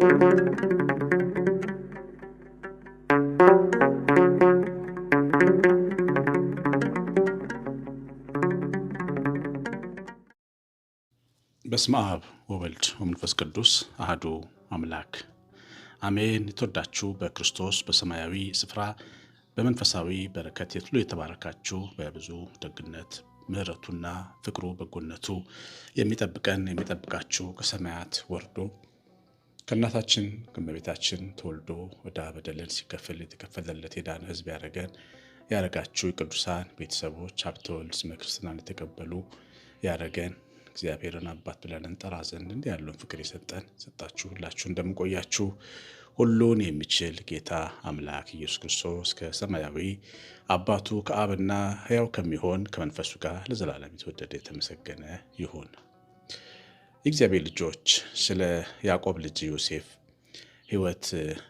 በስመ አብ ወወልድ ወመንፈስ ቅዱስ አህዱ አምላክ አሜን። የተወዳችሁ በክርስቶስ በሰማያዊ ስፍራ በመንፈሳዊ በረከት የትሉ የተባረካችሁ በብዙ ደግነት ምሕረቱና ፍቅሩ በጎነቱ የሚጠብቀን የሚጠብቃችሁ ከሰማያት ወርዶ ከእናታችን ከእመቤታችን ተወልዶ ዕዳ በደልን ሲከፍል የተከፈለለት የዳነ ሕዝብ ያደረገን ያደረጋችሁ የቅዱሳን ቤተሰቦች ሀብተ ወልድ ስመ ክርስትናን የተቀበሉ ያረገን እግዚአብሔርን አባት ብለን እንጠራ ዘንድ እንዲህ ያለውን ፍቅር የሰጠን ሰጣችሁ ሁላችሁ እንደምንቆያችሁ ሁሉን የሚችል ጌታ አምላክ ኢየሱስ ክርስቶስ ከሰማያዊ አባቱ ከአብና ሕያው ከሚሆን ከመንፈሱ ጋር ለዘላለም የተወደደ የተመሰገነ ይሁን። የእግዚአብሔር ልጆች ስለ ያዕቆብ ልጅ ዮሴፍ ሕይወት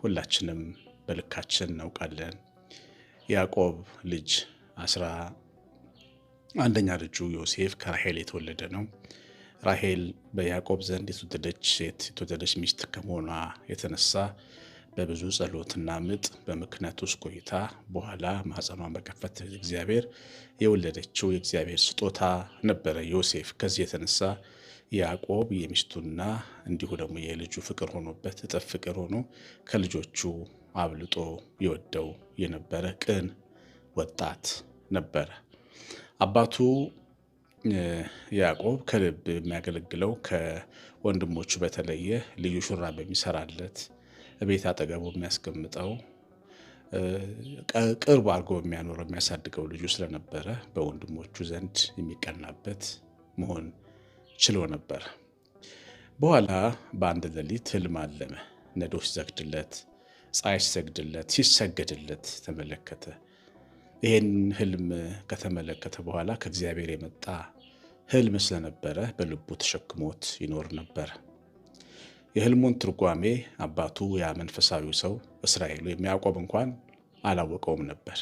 ሁላችንም በልካችን እናውቃለን። ያዕቆብ ልጅ አስራ አንደኛ ልጁ ዮሴፍ ከራሄል የተወለደ ነው። ራሄል በያዕቆብ ዘንድ የተወደደች ሴት የተወደደች ሚስት ከመሆኗ የተነሳ በብዙ ጸሎትና ምጥ በምክንያት ውስጥ ቆይታ በኋላ ማህፀኗን በከፈት እግዚአብሔር የወለደችው የእግዚአብሔር ስጦታ ነበረ ዮሴፍ። ከዚህ የተነሳ ያዕቆብ የሚስቱና እንዲሁ ደግሞ የልጁ ፍቅር ሆኖበት እጥፍ ፍቅር ሆኖ ከልጆቹ አብልጦ ይወደው የነበረ ቅን ወጣት ነበረ። አባቱ ያዕቆብ ከልብ የሚያገለግለው ከወንድሞቹ በተለየ ልዩ ሹራብ የሚሰራለት ቤት አጠገቡ የሚያስቀምጠው ቅርብ አድርጎ የሚያኖረው የሚያሳድገው ልጁ ስለነበረ በወንድሞቹ ዘንድ የሚቀናበት መሆን ችሎ ነበር። በኋላ በአንድ ሌሊት ህልም አለመ። ነዶ ሲዘግድለት ፀሐይ ሲሰግድለት፣ ሲሰገድለት ተመለከተ። ይህን ህልም ከተመለከተ በኋላ ከእግዚአብሔር የመጣ ህልም ስለነበረ በልቡ ተሸክሞት ይኖር ነበር። የህልሙን ትርጓሜ አባቱ ያ መንፈሳዊው ሰው እስራኤሉ የሚያዕቆብ እንኳን አላወቀውም ነበር።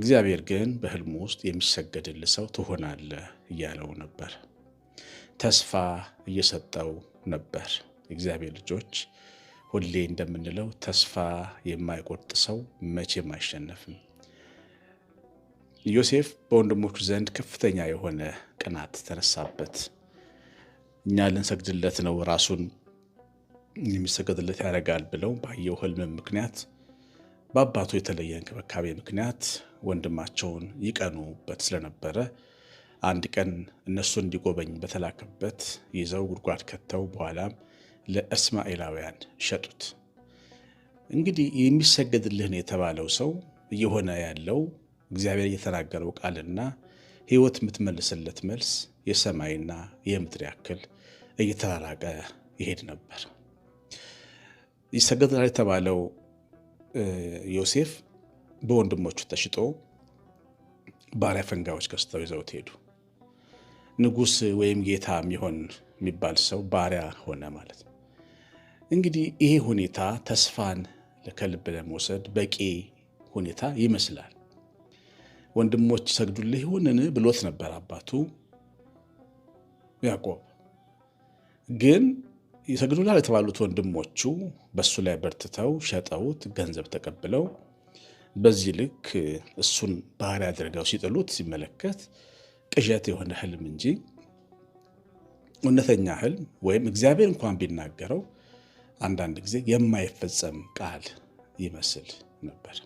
እግዚአብሔር ግን በህልሙ ውስጥ የሚሰገድል ሰው ትሆናለህ እያለው ነበር። ተስፋ እየሰጠው ነበር። እግዚአብሔር ልጆች ሁሌ እንደምንለው ተስፋ የማይቆርጥ ሰው መቼም አይሸነፍም። ዮሴፍ በወንድሞቹ ዘንድ ከፍተኛ የሆነ ቅናት ተነሳበት። እኛ ልንሰግድለት ነው ራሱን የሚሰገድለት ያደርጋል ብለው ባየው ህልም ምክንያት በአባቱ የተለየ እንክብካቤ ምክንያት ወንድማቸውን ይቀኑበት ስለነበረ አንድ ቀን እነሱ እንዲጎበኝ በተላከበት ይዘው ጉድጓድ ከተው በኋላም ለእስማኤላውያን ሸጡት። እንግዲህ የሚሰገድልህን የተባለው ሰው እየሆነ ያለው እግዚአብሔር እየተናገረው ቃልና ሕይወት የምትመልስለት መልስ የሰማይና የምድር ያክል እየተራራቀ ይሄድ ነበር። ይሰገድላል የተባለው ዮሴፍ በወንድሞቹ ተሽጦ ባሪያ ፈንጋዮች ገዝተው ይዘውት ሄዱ። ንጉስ ወይም ጌታ የሚሆን የሚባል ሰው ባሪያ ሆነ ማለት ነው። እንግዲህ ይሄ ሁኔታ ተስፋን ከልብ ለመውሰድ በቂ ሁኔታ ይመስላል። ወንድሞች ሰግዱልህ ይሆንን ብሎት ነበር አባቱ ያዕቆብ። ግን ይሰግዱላል የተባሉት ወንድሞቹ በእሱ ላይ በርትተው ሸጠውት ገንዘብ ተቀብለው በዚህ ልክ እሱን ባሪያ አድርገው ሲጥሉት ሲመለከት ቅዠት የሆነ ህልም እንጂ እውነተኛ ህልም ወይም እግዚአብሔር እንኳን ቢናገረው አንዳንድ ጊዜ የማይፈጸም ቃል ይመስል ነበር።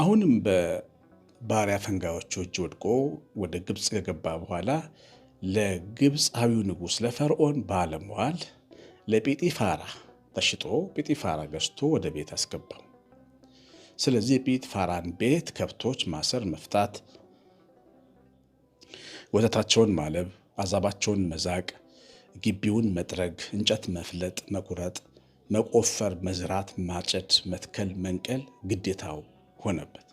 አሁንም በባሪያ ፈንጋዮቹ እጅ ወድቆ ወደ ግብፅ ከገባ በኋላ ለግብፃዊው ንጉሥ ለፈርዖን ባለመዋል ለጲጢፋራ ተሽጦ ጲጢፋራ ገዝቶ ወደ ቤት አስገባው። ስለዚህ የጲጢፋራን ቤት ከብቶች ማሰር፣ መፍታት ወተታቸውን ማለብ፣ አዛባቸውን መዛቅ፣ ግቢውን መጥረግ፣ እንጨት መፍለጥ፣ መቁረጥ፣ መቆፈር፣ መዝራት፣ ማጨድ፣ መትከል፣ መንቀል ግዴታው ሆነበት።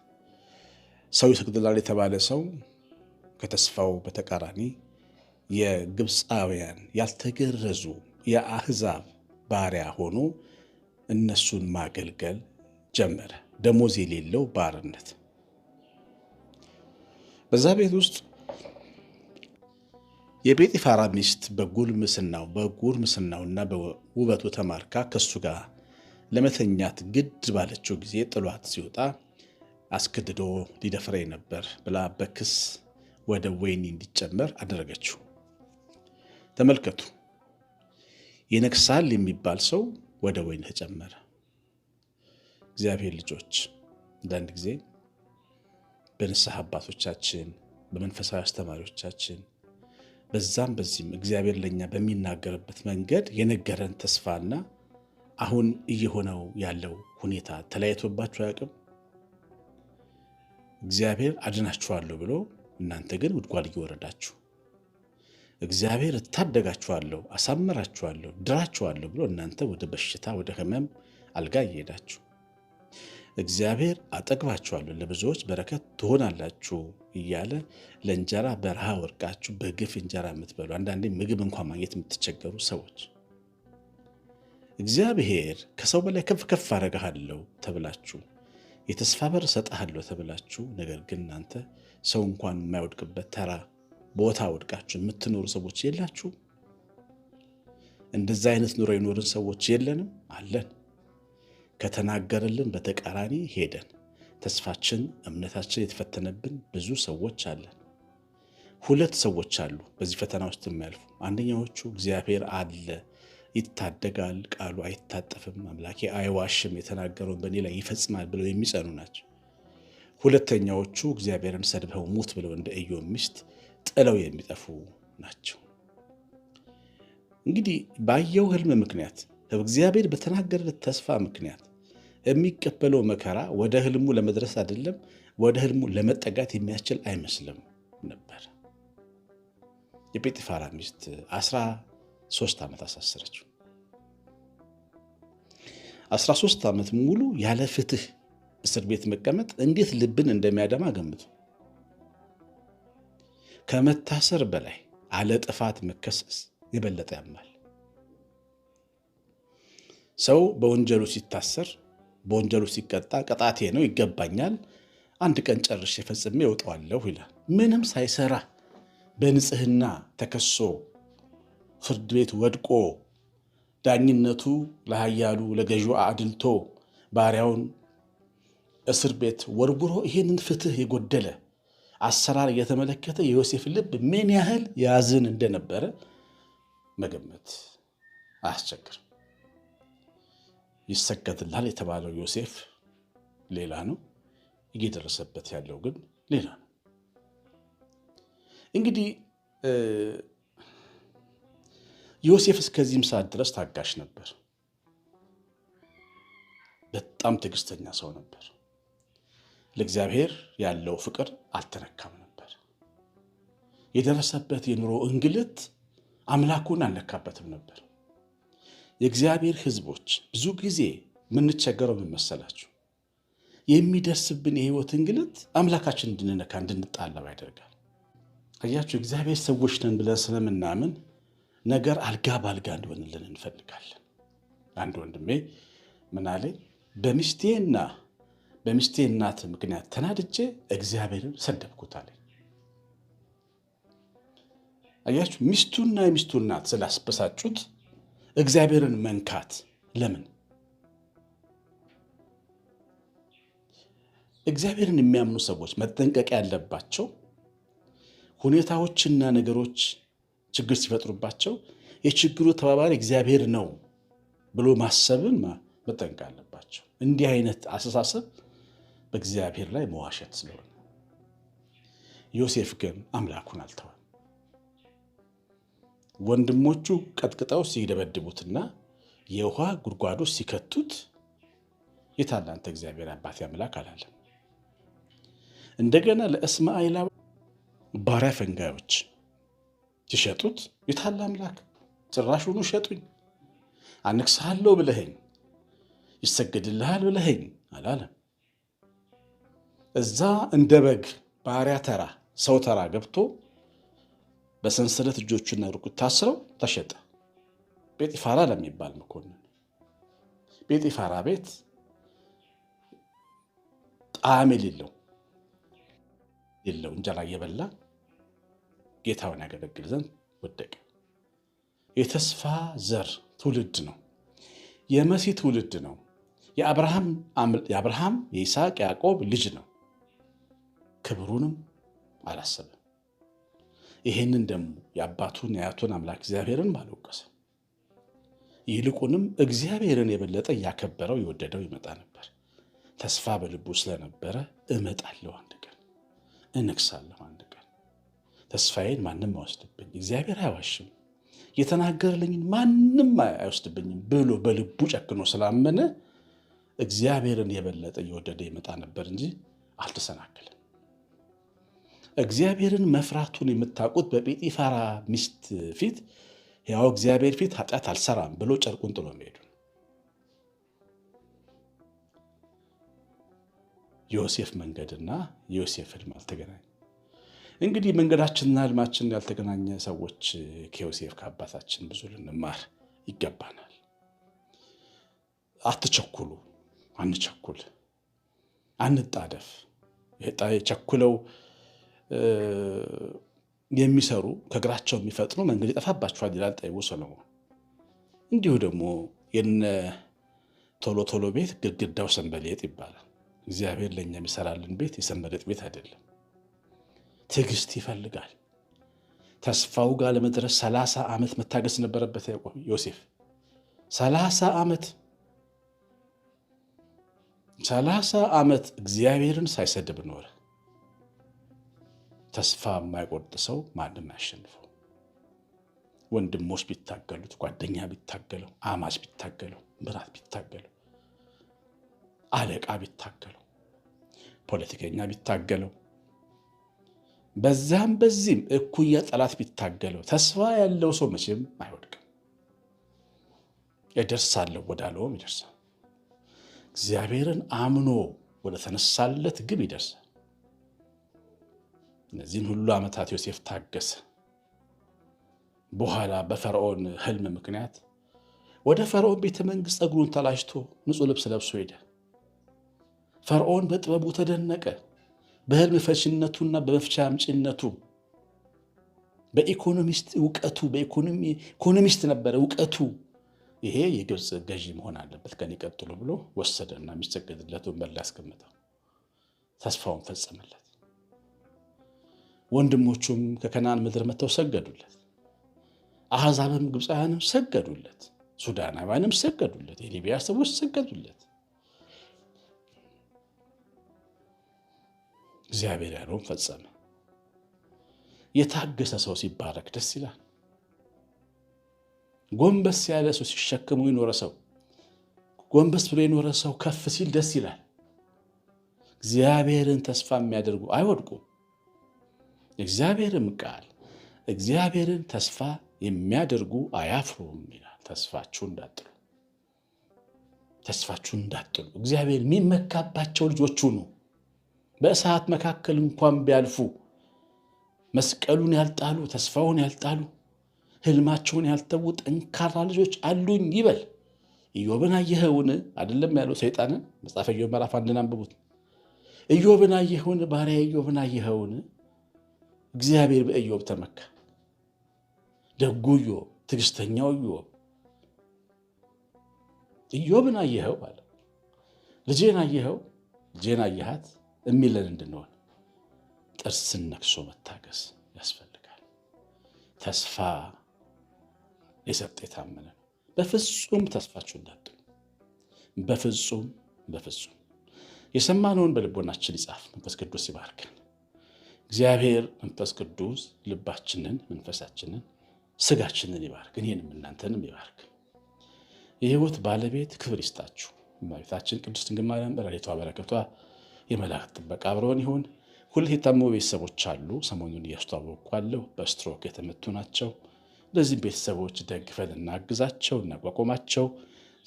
ሰው ይሰግድላል የተባለ ሰው ከተስፋው በተቃራኒ የግብፃውያን ያልተገረዙ የአህዛብ ባሪያ ሆኖ እነሱን ማገልገል ጀመረ። ደሞዝ የሌለው ባርነት። በዛ ቤት ውስጥ የጴጢፋራ ሚስት በጉልምስናው በጉልምስናውና በውበቱ ተማርካ ከሱ ጋር ለመተኛት ግድ ባለችው ጊዜ ጥሏት ሲወጣ አስገድዶ ሊደፍረኝ ነበር ብላ በክስ ወደ ወይኒ እንዲጨመር አደረገችው። ተመልከቱ፣ ይነግሳል የሚባል ሰው ወደ ወይን ተጨመረ። እግዚአብሔር ልጆች አንዳንድ ጊዜ በንስሐ አባቶቻችን፣ በመንፈሳዊ አስተማሪዎቻችን በዛም በዚህም እግዚአብሔር ለእኛ በሚናገርበት መንገድ የነገረን ተስፋና አሁን እየሆነው ያለው ሁኔታ ተለያይቶባችሁ አያውቅም? እግዚአብሔር አድናችኋለሁ ብሎ እናንተ ግን ጉድጓድ እየወረዳችሁ፣ እግዚአብሔር እታደጋችኋለሁ፣ አሳምራችኋለሁ፣ ድራችኋለሁ ብሎ እናንተ ወደ በሽታ ወደ ህመም አልጋ እየሄዳችሁ፣ እግዚአብሔር አጠግባችኋለሁ፣ ለብዙዎች በረከት ትሆናላችሁ እያለ ለእንጀራ በረሃ ወርቃችሁ በግፍ እንጀራ የምትበሉ አንዳንዴ ምግብ እንኳን ማግኘት የምትቸገሩ ሰዎች እግዚአብሔር ከሰው በላይ ከፍ ከፍ አደርግሃለሁ ተብላችሁ የተስፋ በር እሰጥሃለሁ ተብላችሁ፣ ነገር ግን እናንተ ሰው እንኳን የማይወድቅበት ተራ ቦታ ወድቃችሁ የምትኖሩ ሰዎች የላችሁ። እንደዛ አይነት ኑሮ የኖርን ሰዎች የለንም አለን። ከተናገረልን በተቃራኒ ሄደን ተስፋችን፣ እምነታችን የተፈተነብን ብዙ ሰዎች አለን። ሁለት ሰዎች አሉ በዚህ ፈተና ውስጥ የሚያልፉ። አንደኛዎቹ እግዚአብሔር አለ፣ ይታደጋል፣ ቃሉ አይታጠፍም፣ አምላኬ አይዋሽም፣ የተናገረውን በእኔ ላይ ይፈጽማል ብለው የሚጸኑ ናቸው። ሁለተኛዎቹ እግዚአብሔርን ሰድበው ሙት ብለው እንደ ኢዮብ ሚስት ጥለው የሚጠፉ ናቸው። እንግዲህ ባየው ህልም ምክንያት እግዚአብሔር በተናገረለት ተስፋ ምክንያት የሚቀበለው መከራ ወደ ህልሙ ለመድረስ አይደለም፣ ወደ ህልሙ ለመጠጋት የሚያስችል አይመስልም ነበር። የጴጢፋራ ሚስት አስራ ሶስት ዓመት አሳሰረችው። 13 ዓመት ሙሉ ያለ ፍትህ እስር ቤት መቀመጥ እንዴት ልብን እንደሚያደማ ገምቱ። ከመታሰር በላይ አለ ጥፋት መከሰስ የበለጠ ያማል። ሰው በወንጀሉ ሲታሰር በወንጀሉ ሲቀጣ ቅጣቴ ነው ይገባኛል፣ አንድ ቀን ጨርሼ ፈጽሜ እወጣዋለሁ ይላል። ምንም ሳይሰራ በንጽህና ተከሶ ፍርድ ቤት ወድቆ ዳኝነቱ ለሀያሉ ለገዢው አድልቶ ባሪያውን እስር ቤት ወርውሮ ይህንን ፍትህ የጎደለ አሰራር እየተመለከተ የዮሴፍ ልብ ምን ያህል ያዝን እንደነበረ መገመት አያስቸግርም። ይሰገድልሃል የተባለው ዮሴፍ ሌላ ነው፣ እየደረሰበት ያለው ግን ሌላ ነው። እንግዲህ ዮሴፍ እስከዚህም ሰዓት ድረስ ታጋሽ ነበር። በጣም ትዕግስተኛ ሰው ነበር። ለእግዚአብሔር ያለው ፍቅር አልተነካም ነበር። የደረሰበት የኑሮ እንግልት አምላኩን አልነካበትም ነበር። የእግዚአብሔር ሕዝቦች ብዙ ጊዜ የምንቸገረው ምን መሰላችሁ? የሚደርስብን የህይወት እንግልት አምላካችን እንድንነካ እንድንጣለብ ያደርጋል። አያችሁ፣ እግዚአብሔር ሰዎች ነን ብለን ስለምናምን ነገር አልጋ በአልጋ እንዲሆንልን እንፈልጋለን። አንድ ወንድሜ ምን በሚስቴና በሚስቴ እናት ምክንያት ተናድጄ እግዚአብሔርን ሰደብኩት አለኝ። አያችሁ፣ ሚስቱና የሚስቱ እናት ስላስበሳጩት እግዚአብሔርን መንካት ለምን? እግዚአብሔርን የሚያምኑ ሰዎች መጠንቀቅ ያለባቸው ሁኔታዎችና ነገሮች ችግር ሲፈጥሩባቸው የችግሩ ተባባሪ እግዚአብሔር ነው ብሎ ማሰብን መጠንቀቅ አለባቸው። እንዲህ አይነት አስተሳሰብ በእግዚአብሔር ላይ መዋሸት ስለሆነ፣ ዮሴፍ ግን አምላኩን አልተዋል። ወንድሞቹ ቀጥቅጠው ሲደበድቡትና የውሃ ጉድጓዶ ሲከቱት የታለ አንተ እግዚአብሔር አባት አምላክ አላለም። እንደገና ለእስማኤላ ባሪያ ፈንጋዮች ሲሸጡት የታለ አምላክ ጭራሹኑ ሸጡኝ፣ አነግስሃለሁ ብለኸኝ፣ ይሰገድልሃል ብለኸኝ አላለም። እዛ እንደ በግ ባሪያ ተራ ሰው ተራ ገብቶ በሰንሰለት እጆቹና እግሮቹ ታስረው ተሸጠ። ጴጢፋራ ለሚባል መኮንን ጴጢፋራ ቤት ጣዕም የሌለው የለው እንጀራ እየበላ ጌታውን ያገለግል ዘንድ ወደቀ። የተስፋ ዘር ትውልድ ነው። የመሲ ትውልድ ነው። የአብርሃም የይስሐቅ፣ ያዕቆብ ልጅ ነው። ክብሩንም አላሰበም። ይሄንን ደግሞ የአባቱን የአያቱን አምላክ እግዚአብሔርን ባልወቀሰ ይልቁንም እግዚአብሔርን የበለጠ እያከበረው የወደደው ይመጣ ነበር። ተስፋ በልቡ ስለነበረ እመጣለሁ፣ አንድ ቀን እነግሳለሁ፣ አንድ ቀን ተስፋዬን ማንም አይወስድብኝ፣ እግዚአብሔር አይዋሽም፣ የተናገርልኝን ማንም አይወስድብኝም ብሎ በልቡ ጨክኖ ስላመነ እግዚአብሔርን የበለጠ እየወደደ ይመጣ ነበር እንጂ አልተሰናክለ እግዚአብሔርን መፍራቱን የምታውቁት በጲጢፋራ ሚስት ፊት ያው እግዚአብሔር ፊት ኃጢአት አልሰራም ብሎ ጨርቁን ጥሎ መሄዱ። ዮሴፍ መንገድና የዮሴፍ ህልም አልተገናኘ። እንግዲህ መንገዳችንና ህልማችን ያልተገናኘ ሰዎች ከዮሴፍ ከአባታችን ብዙ ልንማር ይገባናል። አትቸኩሉ፣ አንቸኩል፣ አንጣደፍ ቸኩለው የሚሰሩ ከእግራቸው የሚፈጥኑ መንገድ ይጠፋባቸዋል ይላል ጠቢቡ ሰሎሞን። እንዲሁ ደግሞ የነ ቶሎ ቶሎ ቤት ግድግዳው ሰንበሌጥ ይባላል። እግዚአብሔር ለእኛ የሚሰራልን ቤት የሰንበሌጥ ቤት አይደለም። ትዕግስት ይፈልጋል። ተስፋው ጋር ለመድረስ ሰላሳ ዓመት መታገስ ነበረበት ዮሴፍ። ሰላሳ ዓመት ሰላሳ ዓመት እግዚአብሔርን ሳይሰድብ ኖረ። ተስፋ የማይቆርጥ ሰው ማንም አያሸንፈው። ወንድሞች ቢታገሉት፣ ጓደኛ ቢታገለው፣ አማች ቢታገለው፣ ምራት ቢታገለው፣ አለቃ ቢታገለው፣ ፖለቲከኛ ቢታገለው፣ በዛም በዚህም እኩያ ጠላት ቢታገለው፣ ተስፋ ያለው ሰው መቼም አይወድቅም። እደርሳለሁ ወዳለውም ይደርሳል። እግዚአብሔርን አምኖ ወደ ተነሳለት ግብ ይደርሳል። እነዚህን ሁሉ ዓመታት ዮሴፍ ታገሰ። በኋላ በፈርዖን ህልም ምክንያት ወደ ፈርዖን ቤተ መንግሥት ጸጉሩን ተላጭቶ ንጹሕ ልብስ ለብሶ ሄደ። ፈርዖን በጥበቡ ተደነቀ። በህልም ፈችነቱና በመፍቻ አምጪነቱ በኢኮኖሚስት እውቀቱ በኢኮኖሚስት ነበረ እውቀቱ። ይሄ የግብፅ ገዢ መሆን አለበት ከኔ ቀጥሎ ብሎ ወሰደና የሚሰገድለት ወንበር ላይ አስቀምጠው ተስፋውን ፈጸመለት። ወንድሞቹም ከከናን ምድር መጥተው ሰገዱለት። አሕዛብም ግብፃውያንም ሰገዱለት፣ ሱዳናውያንም ሰገዱለት፣ የሊቢያ ሰዎች ሰገዱለት። እግዚአብሔር ያለውን ፈጸመ። የታገሰ ሰው ሲባረክ ደስ ይላል። ጎንበስ ያለ ሰው ሲሸክሙ የኖረ ሰው ጎንበስ ብሎ የኖረ ሰው ከፍ ሲል ደስ ይላል። እግዚአብሔርን ተስፋ የሚያደርጉ አይወድቁም። የእግዚአብሔርም ቃል እግዚአብሔርን ተስፋ የሚያደርጉ አያፍሩም ይላል። ተስፋችሁ እንዳጥሉ ተስፋችሁ እንዳጥሉ እግዚአብሔር የሚመካባቸው ልጆቹ ነው። በእሳት መካከል እንኳን ቢያልፉ መስቀሉን ያልጣሉ ተስፋውን ያልጣሉ ህልማቸውን ያልተዉ ጠንካራ ልጆች አሉኝ ይበል። ኢዮብን አየኸውን አይደለም ያለው ሰይጣንን። መጽሐፈ ኢዮብ ምዕራፍ አንድን አንብቡት። ኢዮብን አየኸውን፣ ባሪያ ኢዮብን አየኸውን እግዚአብሔር በኢዮብ ተመካ። ደጉ ኢዮብ፣ ትዕግስተኛው ኢዮብ ኢዮብን አየኸው አለ። ልጄን አየኸው፣ ልጄን አየሃት የሚለን እንድንሆን ጥርስን ነክሶ መታገስ ያስፈልጋል። ተስፋ የሰጠ የታመነ በፍጹም ተስፋችሁ እንዳጡ በፍጹም በፍጹም የሰማነውን በልቦናችን ይጻፍ። መንፈስ ቅዱስ ይባርክን። እግዚአብሔር መንፈስ ቅዱስ ልባችንን፣ መንፈሳችንን፣ ስጋችንን ይባርክ፣ እኔንም እናንተንም ይባርክ። የህይወት ባለቤት ክብር ይስጣችሁ። እመቤታችን ቅድስት ድንግል ማርያም ረድኤቷ በረከቷ የመላእክት ጥበቃ አብረውን ይሁን። ሁለት የታመሙ ቤተሰቦች አሉ። ሰሞኑን እያስተዋወቅኳለሁ። በስትሮክ የተመቱ ናቸው። እነዚህም ቤተሰቦች ደግፈን እናግዛቸው፣ እናቋቁማቸው።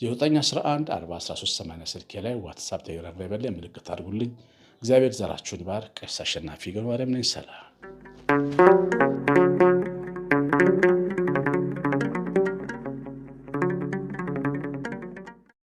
የ911 41380 ስልኬ ላይ ዋትሳፕ፣ ቴሌግራም፣ ቫይበር ላይ ምልክት አድርጉልኝ። እግዚአብሔር ዘራችሁን ይባርክ። ቀሲስ አሸናፊ ገብረማርያም ነኝ። ሰላም